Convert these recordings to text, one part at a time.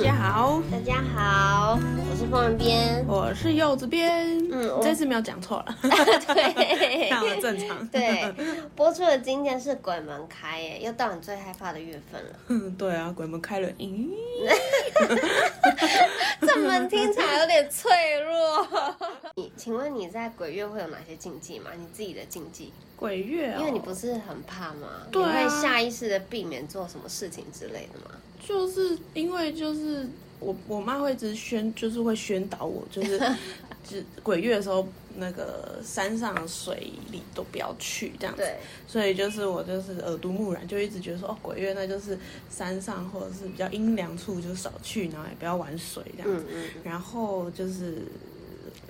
嗯、大家好，大家好，我是風人編，我是柚子編，嗯，這次沒有講錯了，嗯哦、 對，這樣 正常。對，播出的今天是鬼門開耶，又到你最害怕的月份了。嗯， 對啊，鬼門開了，咦， 這門聽起來有點脆弱。 你，請問你在鬼月會有哪些禁忌嗎？你自己的禁忌？鬼月、哦，因為你不是很怕嗎？啊、你會下意識的避免做什麼事情之類的嗎？就是因為就是我我媽會一直宣，就是會宣導我，就是就鬼月的時候，那個山上水裡都不要去這樣子。對。所以就是我就是耳濡目染，就一直覺得說哦，鬼月那就是山上或者是比較陰涼處就少去，然後也不要玩水這樣子。嗯嗯。然後就是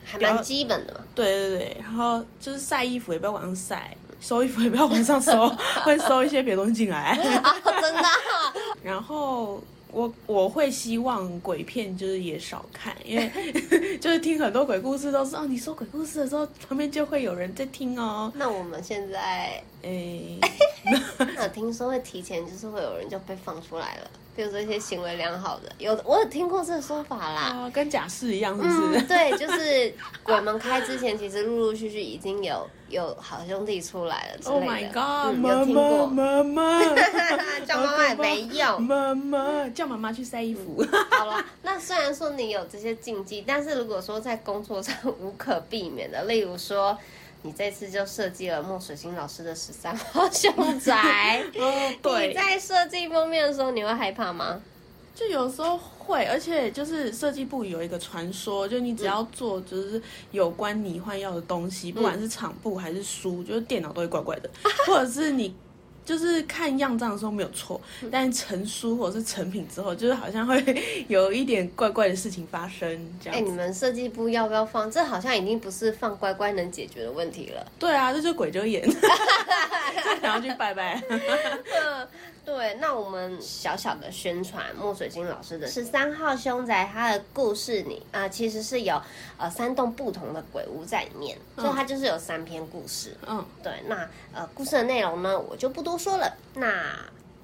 還蠻基本的。對對對。然後就是曬衣服也不要往上曬，收衣服也不要往上收， 會收一些別東西進來。 真的啊。 然後我我會希望鬼片就是也少看，因為 就是聽很多鬼故事都是哦，你說鬼故事的時候，旁邊就會有人在聽哦。那我們現在。哎，那、欸 啊、聽說會提前，就是會有人就被放出來了，比如說一些行為良好的，有我有聽過這個說法啦，啊、跟假釋一樣，是不是、嗯？對，就是鬼門開之前，其實陸陸續續已經有有好兄弟出來了之類的，Oh my god！、嗯、有聽過？媽媽媽媽 叫媽媽也沒用，媽媽叫媽媽去塞衣服。嗯、好了，那雖然說你有這些禁忌，但是如果說在工作上無可避免的，例如說。你這次就設計了墨水馨老師的十三號凶宅。哦，對。你在設計封面的時候，你會害怕嗎？就有時候會，而且就是設計部有一個傳說，就你只要做就是有關你換藥的東西，不管是廠部還是書，就是電腦都會怪怪的，或者是你。就是看樣張的時候沒有錯，但成書或者是成品之後，就是好像會有一點怪怪的事情發生。這樣，哎、欸，你們設計部要不要放？這好像已經不是放乖乖能解決的問題了。對啊，這就鬼遮眼，然後就拜拜 嗯。對，那我們小小的宣傳墨水馨老師的十三號凶宅，它的故事裡啊、呃，其實是有呃三棟不同的鬼屋在裡面，嗯、所以它就是有三篇故事。嗯，對，那呃故事的內容呢，我就不多。都說了，那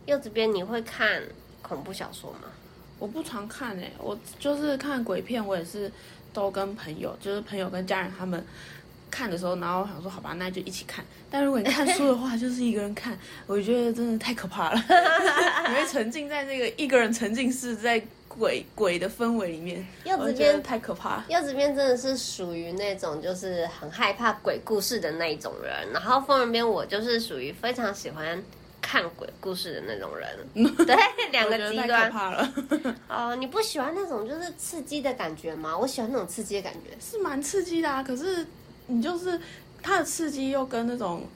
柚子編，你會看恐怖小說嗎？我不常看哎、欸，我就是看鬼片，我也是都跟朋友，就是朋友跟家人他們看的時候，然後我想說好吧，那就一起看。但如果你看書的話， 就是一個人看，我覺得真的太可怕了， 你會沉浸在那、這個一個人沉浸式在。鬼鬼的氛圍裡面，柚子編太可怕。柚子編真的是屬於那種就是很害怕鬼故事的那一種人，然後風人編我就是屬於非常喜歡看鬼故事的那種人。 對，兩個極端。哦、呃，你不喜歡那種就是刺激的感覺嗎？我喜歡那種刺激的感覺，是蠻刺激的啊。可是你就是他的刺激又跟那種。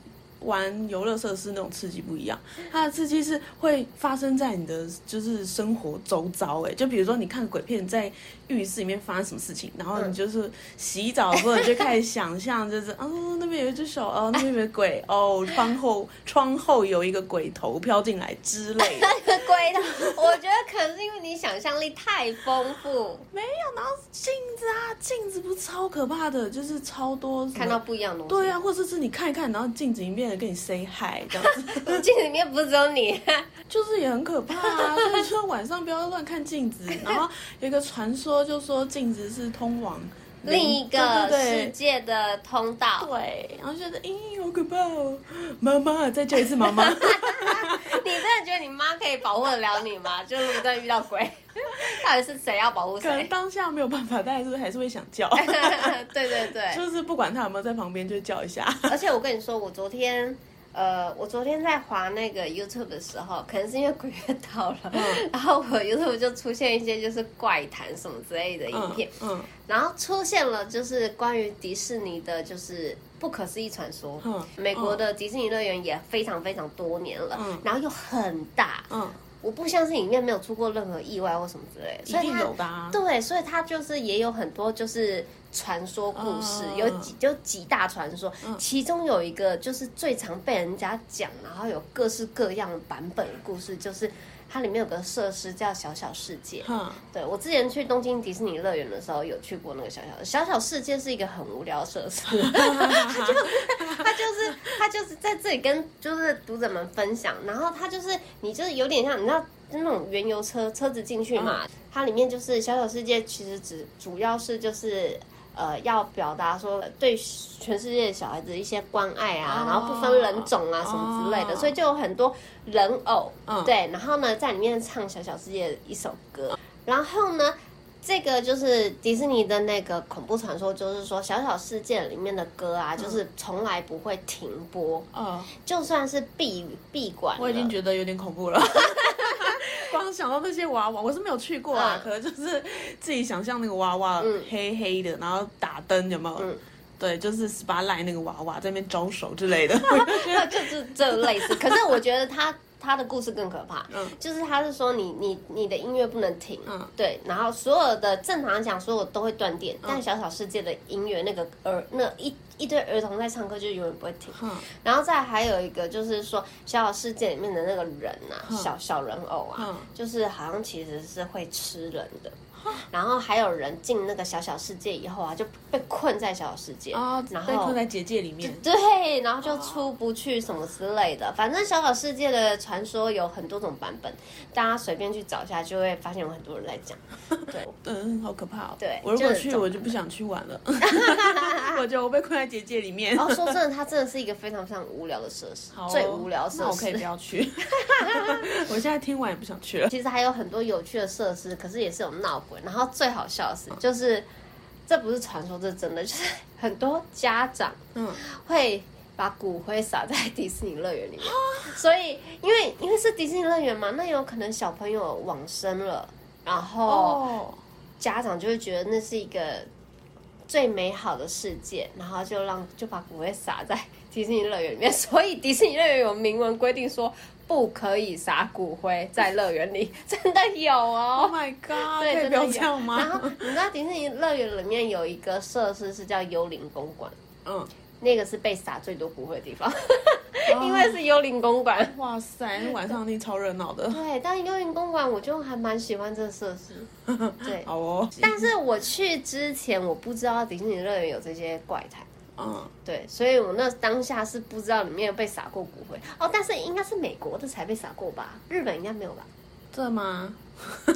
玩遊樂設施那種刺激不一樣，它的刺激是會發生在你的就是生活周遭哎、欸，就比如說你看鬼片，在浴室裡面發生什麼事情，然後你就是洗澡，或者就開始想象，就是啊。嗯 那有一隻手啊，那邊有鬼、哎、哦，窗後窗後有一個鬼頭飄進來之類的鬼頭，我覺得可能是因為你想象力太豐富。 沒有，然後鏡子啊，鏡子不是超可怕的？就是超多看到不一樣的東西。對啊，或者是你看一看，然後鏡子裡面也跟你 say hi 這樣子。鏡 子裡面不是只有你， 就是也很可怕啊！所以說晚上不要亂看鏡子，然後有一個傳說就說鏡子是通往。另一個世界的通道，對，然後覺得，咦，好可怕哦、喔！媽媽，再叫一次媽媽。你真的覺得你媽可以保護得了你嗎？就是真的遇到鬼，到底是誰要保護誰？可能當下沒有辦法，但還是還是會想叫。 對對對，對，就是不管他有沒有在旁邊，就叫一下。而且我跟你說，我昨天。呃，我昨天在滑那個 YouTube 的時候，可能是因為鬼月到了，嗯、然後我 YouTube 就出現一些就是怪談什麼之類的影片，嗯嗯、然後出現了就是關於迪士尼的，就是不可思議傳說嗯。嗯，美國的迪士尼樂園也非常非常多年了，嗯，然後又很大，嗯。嗯我不相信裡面沒有出過任何意外或什麼之類的，一定有吧，所以吧。對，所以它就是也有很多就是傳說故事，嗯、有幾就幾大傳說，嗯、其中有一個就是最常被人家講，然後有各式各樣版本的故事，就是。它裡面有個設施叫小小世界，哼對，我之前去東京迪士尼樂園的時候有去過那個小小小小世界，是一個很無聊設施，就是 它就是它、就是、它就是在這裡跟就是讀者們分享，然後它就是你就是有點像你知道那種遊園車車子進去嘛，嗯、它裡面就是小小世界其實只主要是就是。呃，要表達說對全世界的小孩子一些關愛啊，oh, 然後不分人種啊，什麼之類的，oh. 所以就有很多人偶，oh. 對，然後呢，在裡面唱《小小世界》一首歌，oh. 然後呢，這個就是迪士尼的那個恐怖傳說，就是說《小小世界》裡面的歌啊，就是從來不會停播，嗯，oh. 就算是閉閉館，我已經覺得有點恐怖了。 光想到那些娃娃，我是沒有去過啊，可能就是自己想象那個娃娃、嗯、黑黑的，然後打燈有沒有？嗯、對，就是 spotlight 那個娃娃在那邊招手之類的，啊 啊、就是這類似。可是我覺得他 他的故事更可怕，嗯、就是他是說你你你的音樂不能停，嗯、對，然後所有的正常講所有都會斷電，嗯、但小小世界的音樂那個呃那一。一堆兒童在唱歌，就永遠不會停。然後再還有一個就是說，小小世界裡面的那個人吶、啊，小小人偶啊，就是好像其實是會吃人的。然後還有人進那個小小世界以後啊，就被困在小小世界哦，然後被困在結界裡面。對，然後就出不去什麼之類的。反正小小世界的傳說有很多種版本，大家隨便去找一下，就會發現有很多人在講。對， 嗯，好可怕哦。對，我如果去，我就不想去玩了。 我就我被困在。結界裡面，然後、哦、說真的，它真的是一個非常非常無聊的設施，好哦、最無聊的設施，那我可以不要去。 我現在聽完也不想去了。其實還有很多有趣的設施，可是也是有鬧鬼。然後最好笑的是，就是、嗯、這不是傳說，這是真的，就是很多家長嗯會把骨灰撒在迪士尼樂園裡面。嗯、所以因為因為是迪士尼樂園嘛，那也有可能小朋友往生了，然後家長就會覺得那是一個。最美好的世界，然後就讓就把骨灰撒在迪士尼樂園裡面，所以迪士尼樂園有明文規定說不可以撒骨灰在樂園裡，真的有哦。Oh my god，對，不要講嗎？真的有，然後你知道迪士尼樂園裡面有一個設施是叫幽靈公館，嗯。那個是被撒最多骨灰的地方，oh. 因為是幽靈公館。哇塞，晚上那超熱鬧的。對，但幽靈公館我就還蠻喜歡這個設施。對， 好哦。但是我去之前我不知道迪士尼樂園有這些怪談。嗯，oh. 對，所以我那當下是不知道裡面有被撒過骨灰。哦，oh，但是應該是美國的才被撒過吧？日本應該沒有吧？真的嗎？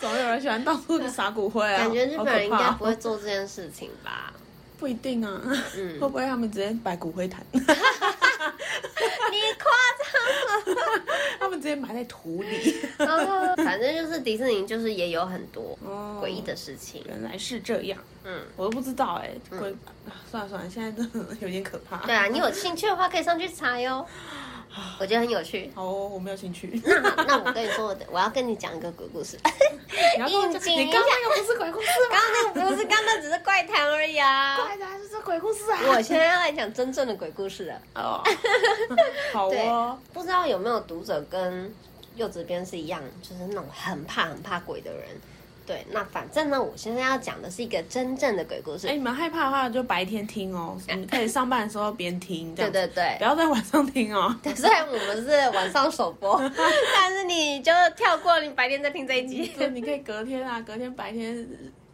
總有人喜歡到處去撒骨灰啊！感覺日本人應該不會做這件事情吧？不一定啊，嗯，會不會他們直接擺骨灰壇？你誇張了！他們直接埋在土裡。反正就是迪士尼，就是也有很多詭異的事情。原來是這樣，嗯，我都不知道哎，鬼，算了算了，現在真的有點可怕。對啊，你有興趣的話，可以上去查喲，我覺得很有趣。好哦，我沒有興趣。那那我跟你說，我的，我要跟你講一個鬼故事。你要講？你剛剛那個不是鬼故事嗎？剛剛只是怪談而已啊！怪談還、啊就是這鬼故事啊！我現在要來講真正的鬼故事了、oh. 對哦。好啊，不知道有沒有讀者跟柚子編是一樣，就是那種很怕很怕鬼的人。對，那反正呢，我現在要講的是一個真正的鬼故事。哎、欸，你們害怕的話，就白天聽哦、喔。你可以上班的時候邊聽這樣咳咳，對對對，不要在晚上聽哦、喔。雖然我們是晚上首播， 但是你就跳過，你白天再聽這一集。對，你可以隔天啊，隔天白天。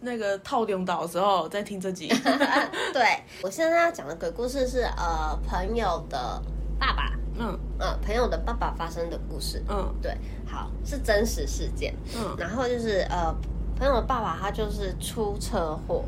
那個套用到的時候再聽這集， 對，我現在要講的鬼故事是呃朋友的爸爸，嗯嗯、呃，朋友的爸爸發生的故事，嗯對，好，是真實事件，嗯，然後就是呃朋友的爸爸他就是出車禍。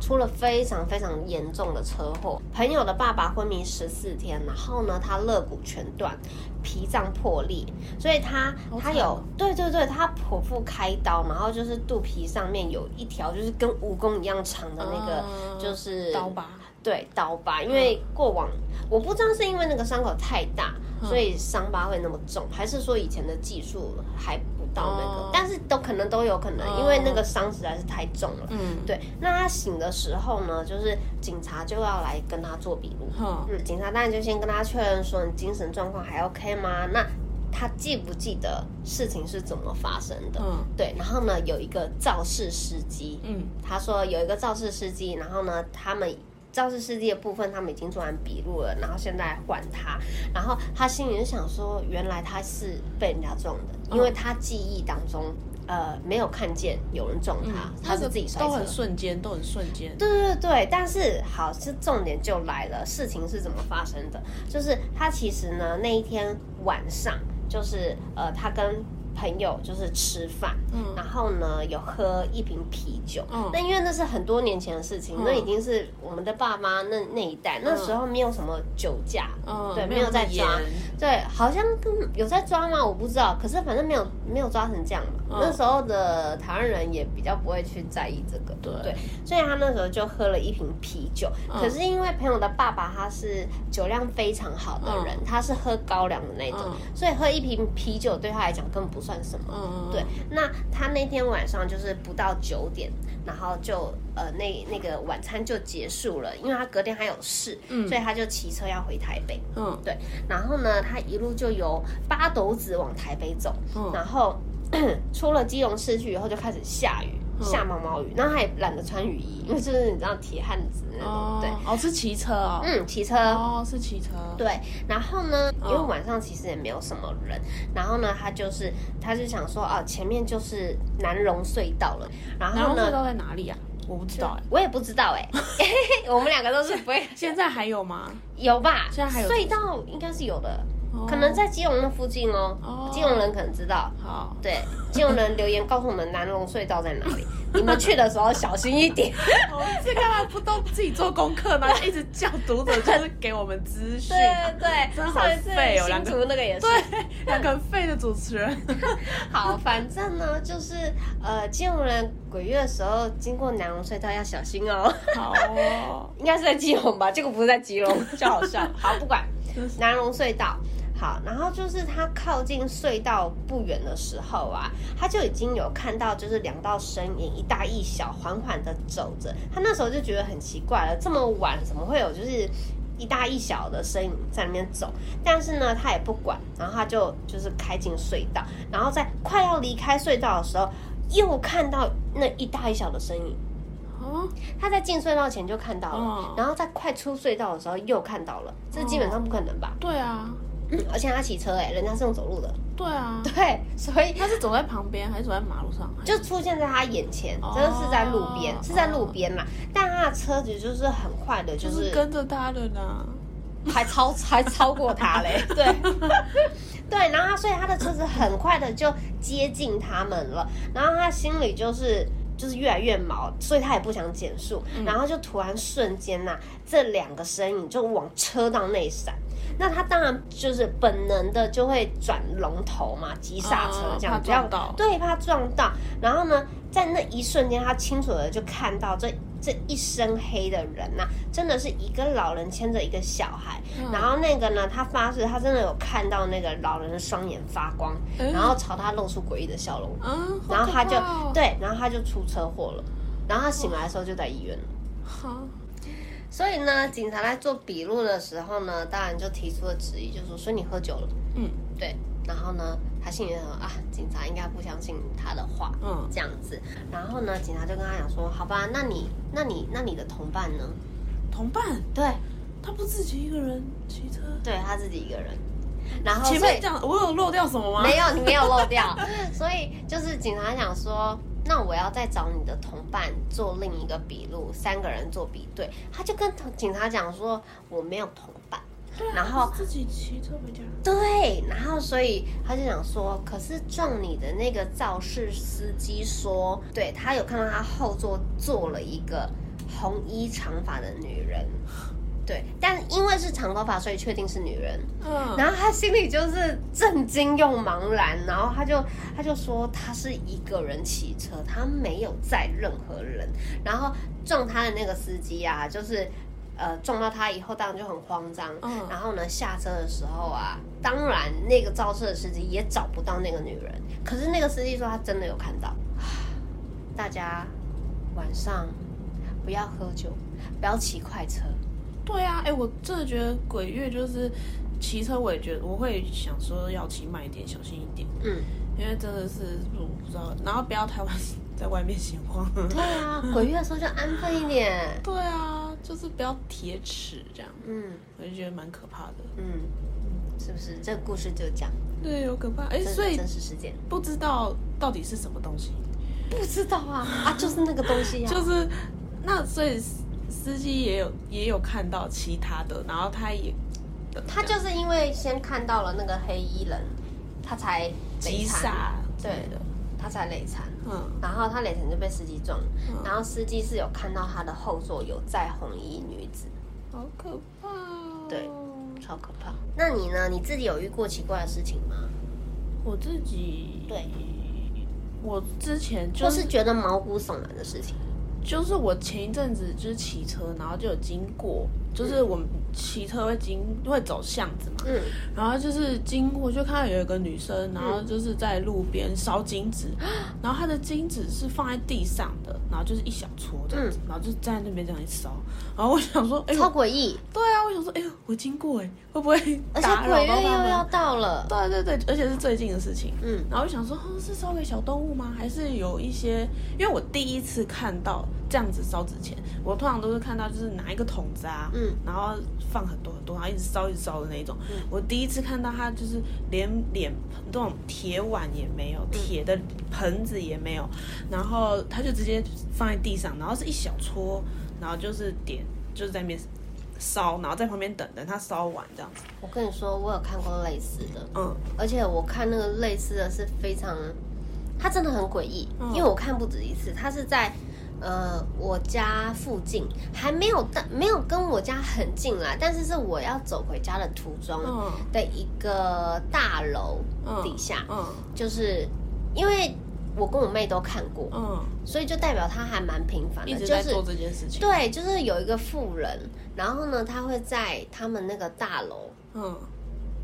出了非常非常嚴重的車禍，朋友的爸爸昏迷十四天，然後呢，他肋骨全斷，脾臟破裂，所以他他有對對對，他剖腹開刀，然後就是肚皮上面有一條就是跟蜈蚣一樣長的那個就是、嗯、刀疤，對刀疤，因為過往、嗯、我不知道是因為那個傷口太大，所以傷疤會那麼重，嗯、還是說以前的技術還？Oh, 但是都可能都有可能，oh, 因為那個傷實在是太重了。嗯，對。那他醒的時候呢，就是警察就要來跟他做筆錄。Oh. 嗯，警察當然就先跟他確認說你精神狀況還 OK 嗎？那他記不記得事情是怎麼發生的？嗯，oh. 對。然後呢，有一個肇事司機。嗯，他說有一個肇事司機，然後呢，他們。肇事司機的部分，他們已經做完筆錄了，然後現在還他，然後他心裡就想說，原來他是被人家撞的，因為他記憶當中，嗯、呃，沒有看見有人撞他，嗯、是他是自己摔的。都很瞬間，都很瞬間，對對對，但是好，是重點就來了，事情是怎麼發生的？就是他其實呢，那一天晚上，就是呃，他跟。朋友就是吃飯，嗯，然後呢有喝一瓶啤酒，嗯，那因為那是很多年前的事情，那已經是我們的爸媽那那一代，那時候沒有什麼酒駕，嗯，對，沒有在抓，對，好像跟有在抓嗎？我不知道，可是反正沒有沒有抓成這樣嘛。那時候的台灣人也比較不會去在意這個，對，所以他那時候就喝了一瓶啤酒。可是因為朋友的爸爸他是酒量非常好的人，他是喝高粱的那種，所以喝一瓶啤酒對他來講更不算什麼？嗯、對，那他那天晚上就是不到九點，然後就呃，那那個晚餐就結束了，因為他隔天還有事，嗯、所以他就騎車要回台北，嗯，對，然後呢，他一路就由八斗子往台北走，嗯、然後 出了基隆市區以後就開始下雨。下毛毛雨，然後他也懶得穿雨衣，因為就是你知道鐵漢子那種，哦、對。哦，是騎車哦。嗯，騎車。哦，是騎車。對，然後呢，哦、因為晚上其實也沒有什麼人，然後呢，他就是他就想說，哦、啊，前面就是南龍隧道了。然後呢，隧道在哪裡啊？我不知道哎、欸，我也不知道哎、欸。 我們兩個都是不會。現在還有嗎？有吧，現在還有隧道應該是有的。可能在基隆那附近哦，基隆人可能知道。好，對，基隆人留言告訴我們南龍隧道在哪裡，你們去的時候小心一點。是幹嘛不都自己做功課嗎？一直叫讀者就是給我們資訊，對對，真好廢哦，新竹那個也是，兩個廢的主持人。好，反正呢就是呃，基隆人鬼月的時候經過南龍隧道要小心哦。好哦，應該是在基隆吧？這個不是在基隆，就好笑。好，不管南龍隧道。好，然後就是他靠近隧道不遠的時候啊，他就已經有看到就是兩道身影，一大一小，緩緩的走着。他那時候就覺得很奇怪了，這麼晚怎麼會有就是一大一小的身影在裡面走？但是呢，他也不管，然後他就就是開進隧道，然後在快要離開隧道的時候，又看到那一大一小的身影。哦，他在進隧道前就看到了，哦、然後在快出隧道的時候又看到了，這基本上不可能吧？哦、對啊。而且他騎車哎、欸，人家是用走路的。對啊，對，所以他是走在旁邊還是走在馬路上？就出現在他眼前，哦、真的是在路邊，是在路邊嘛。哦、但他的車子就是很快的、就是，就是跟着他的呢，還超還超過他嘞。 對， 對，然後他所以他的車子很快的就接近他們了，然後他心裏就是就是越來越毛，所以他也不想減速，嗯、然後就突然瞬間吶、啊，這兩個身影就往車道內閃。那他當然就是本能的就會轉龍頭嘛，急剎車這樣，這、uh, 對，怕撞到。然後呢，在那一瞬間，他清楚的就看到這這一身黑的人吶、啊，真的是一個老人牽着一個小孩。嗯、然後那個呢，他發誓他真的有看到那個老人的雙眼發光，嗯、然後朝他露出詭異的笑容。Uh, 然後他就、哦、對，然後他就出車禍了。然後他醒來的時候就在醫院了。好。所以呢，警察來做筆錄的時候呢，當然就提出了質疑就是，就說說你喝酒了，嗯，對。然後呢，他心裡面說啊，警察應該不相信他的話，嗯，這樣子。然後呢，警察就跟他講說，好吧，那你、那你、那你的同伴呢？同伴？對，他不自己一個人騎車？對，他自己一個人。然後前面講，我有漏掉什麼嗎？沒有，沒有漏掉。 所以就是警察想說。那我要再找你的同伴做另一個筆錄，三個人做比對。他就跟警察講說，我沒有同伴，對然後自己騎車回家。對，然後所以他就想說，可是撞你的那個肇事司機說，對，他有看到他後座坐了一個紅衣長髮的女人。對，但因為是長頭髮，所以確定是女人。嗯，然後他心裡就是震驚又茫然，然後他就他就說他是一個人騎車，他沒有載任何人。然後撞他的那個司機啊，就是呃撞到他以後，當然就很慌張。嗯，然後呢下車的時候啊，當然那個肇事的司機也找不到那個女人。可是那個司機說他真的有看到。啊，大家晚上不要喝酒，不要騎快車。對啊，哎，我真的覺得鬼月就是騎車，我也覺得我會想說要騎慢一點，小心一點。嗯，因為真的是不知道，然後不要太晚在外面閒逛，嗯。對啊，鬼月的時候就安分一點。對啊，就是不要鐵齒這樣。嗯，我就覺得蠻可怕的。嗯，是不是這個故事就講？對，有可怕。哎，所以真實事件不知道到底是什麼東西？不知道啊，啊，就是那個東西呀，啊，就是那所以。司機也有也有看到其他的，然後他也等等，他就是因為先看到了那個黑衣人，他才雷殘。殺對，對的，他才雷殘，嗯，然後他雷殘就被司機撞了，嗯、然後司機是有看到他的後座有載紅衣女子，好可怕。哦，對，超可怕。那你呢？你自己有遇過奇怪的事情嗎？我自己，對，我之前就是覺得毛骨悚然的事情。就是我前一陣子就是騎車，然後就有經過，就是我們騎車會經會走巷子嘛，嗯，然後就是經過就看到有一個女生，然後就是在路邊燒金紙，然後她的金紙是放在地上的。然後就是一小撮這樣，嗯、然後就站在那邊這樣一燒，然後我想說，哎，超詭異、欸，對啊，我想說，哎、欸、呦，我經過哎、欸，會不會打擾到他們？而且鬼月又要到了，對對對，而且是最近的事情，嗯，然後我想說，哦，是燒給小動物嗎？還是有一些？因為我第一次看到。這樣子燒紙錢，我通常都是看到就是拿一個桶子啊，嗯，然後放很多很多，然後一直燒一直燒的那一種。嗯、我第一次看到他就是連臉盆這種鐵碗也沒有，鐵的盆子也沒有，嗯、然後他就直接放在地上，然後是一小撮，然後就是點，就是在面燒，然後在旁邊等等他燒完這樣子。我跟你說，我有看過類似的，嗯，而且我看那個類似的是非常，它真的很詭異，嗯、因為我看不止一次，他是在。呃，我家附近還沒有大，沒有跟我家很近啊。但是是我要走回家的途中的一個大樓底下，嗯，嗯，就是因為我跟我妹都看過，嗯，所以就代表她還蠻頻繁的，就是在做這件事情、就是，對，就是有一個婦人，然後呢，她會在他們那個大樓，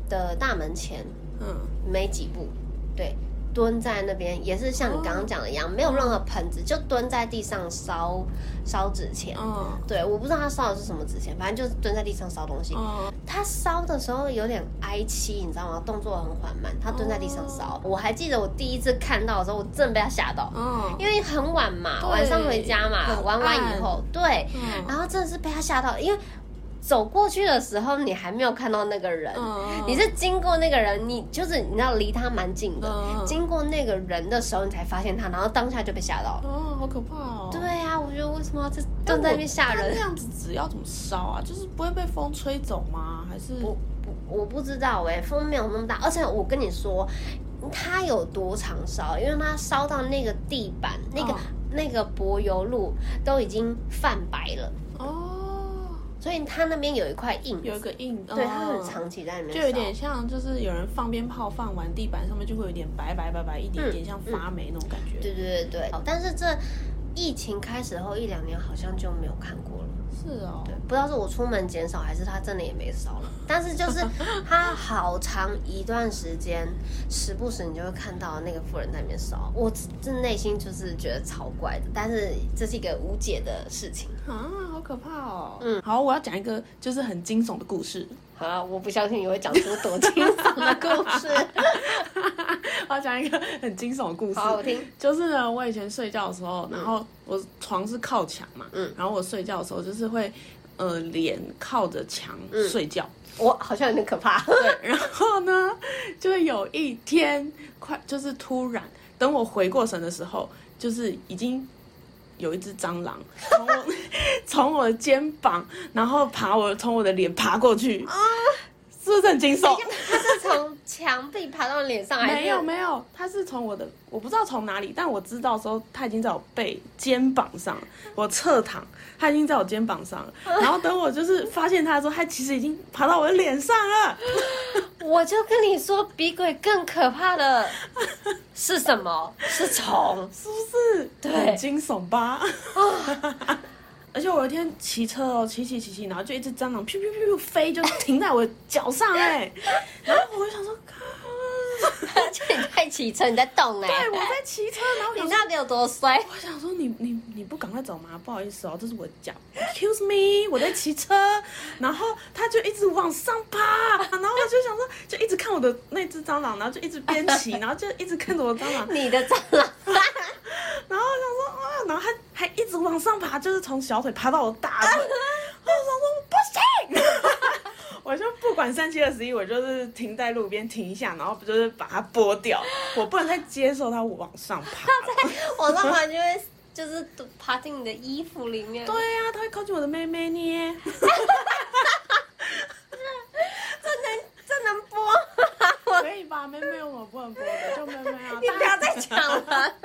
的大門前，嗯，嗯沒幾步，對。蹲在那邊也是像你剛剛講的一樣，oh. 沒有任何盆子，oh. 就蹲在地上燒燒紙錢。Oh. 對，我不知道他燒的是什麼紙錢，反正就是蹲在地上燒東西。Oh. 他燒的時候有點哀戚，7, 你知道嗎？動作很緩慢，他蹲在地上燒。Oh. 我還記得我第一次看到的時候，我真的被他嚇到。Oh. 因為很晚嘛，對晚上回家嘛，暗玩完以後，對，oh. 然後真的是被他嚇到，因為。走過去的時候，你還沒有看到那個人，嗯、你是經過那個人，你就是你知道離他蠻近的，嗯、經過那個人的時候，你才發現他，然後當下就被嚇到。哦、嗯，好可怕哦！對啊，我覺得為什麼這當、欸、在那邊嚇人？那樣子紙要怎麼燒啊？就是不會被風吹走嗎？還是我不，我不知道哎、欸，風沒有那麼大，而且我跟你說，它有多長燒？因為它燒到那個地板，哇那個那個柏油路都已經泛白了。所以它那邊有一塊印，有一個印哦，對，它很長期在裡面、哦，就有點像，就是有人放鞭炮放完，地板上面就會有點白白白白一點，嗯、一點像發霉那種感覺。嗯、對對對對、哦，但是這疫情開始後一兩年好像就沒有看過了。是哦，對，不知道是我出門減少，還是他真的也沒燒了。但是就是他好長一段時間，時不時你就會看到那個婦人在那邊燒，我這內心就是覺得超怪的。但是這是一個無解的事情啊，好可怕哦。嗯，好，我要講一個就是很驚悚的故事。好、啊，我不相信你會講出多驚悚的故事。我要講一個很驚悚的故事，好我聽。就是呢，我以前睡覺的時候，嗯、然後我床是靠牆嘛，嗯，然後我睡覺的時候就是會，呃，臉靠着牆睡覺、嗯。我好像有點可怕。對，然後呢，就有一天快，就是突然，等我回過神的時候，就是已經。有一隻蟑螂從從我的肩膀，然後爬我從我的臉爬過去。是不是很驚悚？欸、是他是從牆壁爬到我臉上來？沒有沒有，他是從我的，我不知道從哪裡，但我知道的時候他已經在我背肩膀上，我側躺，他已經在我肩膀上，然後等我就是發現他的時候，他其實已經爬到我的臉上了。 我就跟你說，比鬼更可怕的是什麼？是蟲，是不是？對，驚悚吧。 而且我有一天騎車哦，騎騎騎騎，然後就一隻蟑螂，噗噗噗噗飛，就停在我的腳上哎、欸。 然後我就想說，靠，而且 你在騎車，你在動哎、欸。對，我在騎車，然後你那得有多衰？我想說你，你你你不趕快走嗎？不好意思哦，這是我的腳。 Excuse me，我在騎車。然後他就一直往上爬，然後我就想說，就一直看我的那隻蟑螂，然後就一直邊騎， 然後就一直看着我的蟑螂。你的蟑螂。 然後他還，還一直往上爬，就是從小腿爬到我大腿。 我說：“我不行。”我就不管三七二十一，我就是停在路邊停一下，然後不就是把它撥掉，我不能再接受它往上爬。 它在往上爬就會就是爬進你的衣服裡面。 對呀、啊，它會靠近我的妹妹呢 這能這能撥？ 可以吧？妹妹，我不能撥的，就妹妹啊！ 你不要再搶了。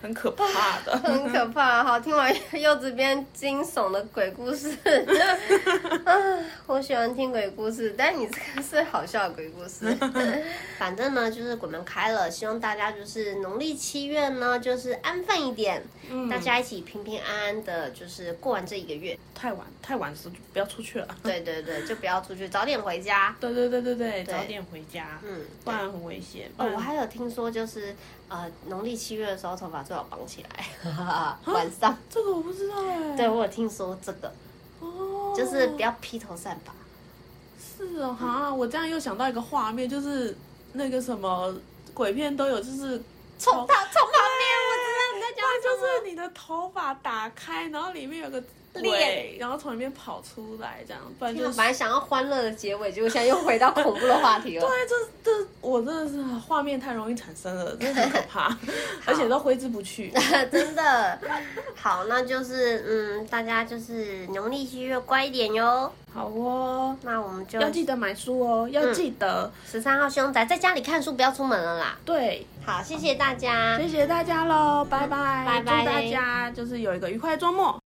很可怕的， 很可怕。好，聽完柚子編驚悚的鬼故事，啊，我喜歡聽鬼故事，但你這個是好笑的鬼故事。 反正呢，就是鬼門開了，希望大家就是農曆七月呢，就是安分一點，嗯，大家一起平平安安的，就是過完這一個月。太晚，太晚時不要出去了。對，對對對，就不要出去，早點回家。對對對對對，對，早點回家，嗯，不然很危險。對危哦，我還有聽說就是。呃，農曆七月的時候，頭髮最好綁起來，啊、晚上、啊。這個我不知道哎、欸。對，我有聽說這個，哦，就是不要披頭散髮。是哦、啊，哈、嗯，我這樣又想到一個畫面，就是那個什麼鬼片都有，就是衝他衝他面，我知道你在講什麼。那就是你的頭髮打開，然後裡面有個。對，然後從裡面跑出來，這樣。反正、就是、本來想要歡樂的結尾，結果現在又回到恐怖的話題了。 對，這這我真的是畫面太容易產生了，真的很可怕， 好而且都揮之不去。 真的，好，那就是嗯，大家就是農曆七月乖一點喲。好哦、嗯，那我們就是、要記得買書哦，要記得。十三、嗯、號凶宅，在家裡看書，不要出門了啦。對，好，謝謝大家，謝謝大家嘍，拜拜，嗯、拜拜，祝大家就是有一個愉快的週末。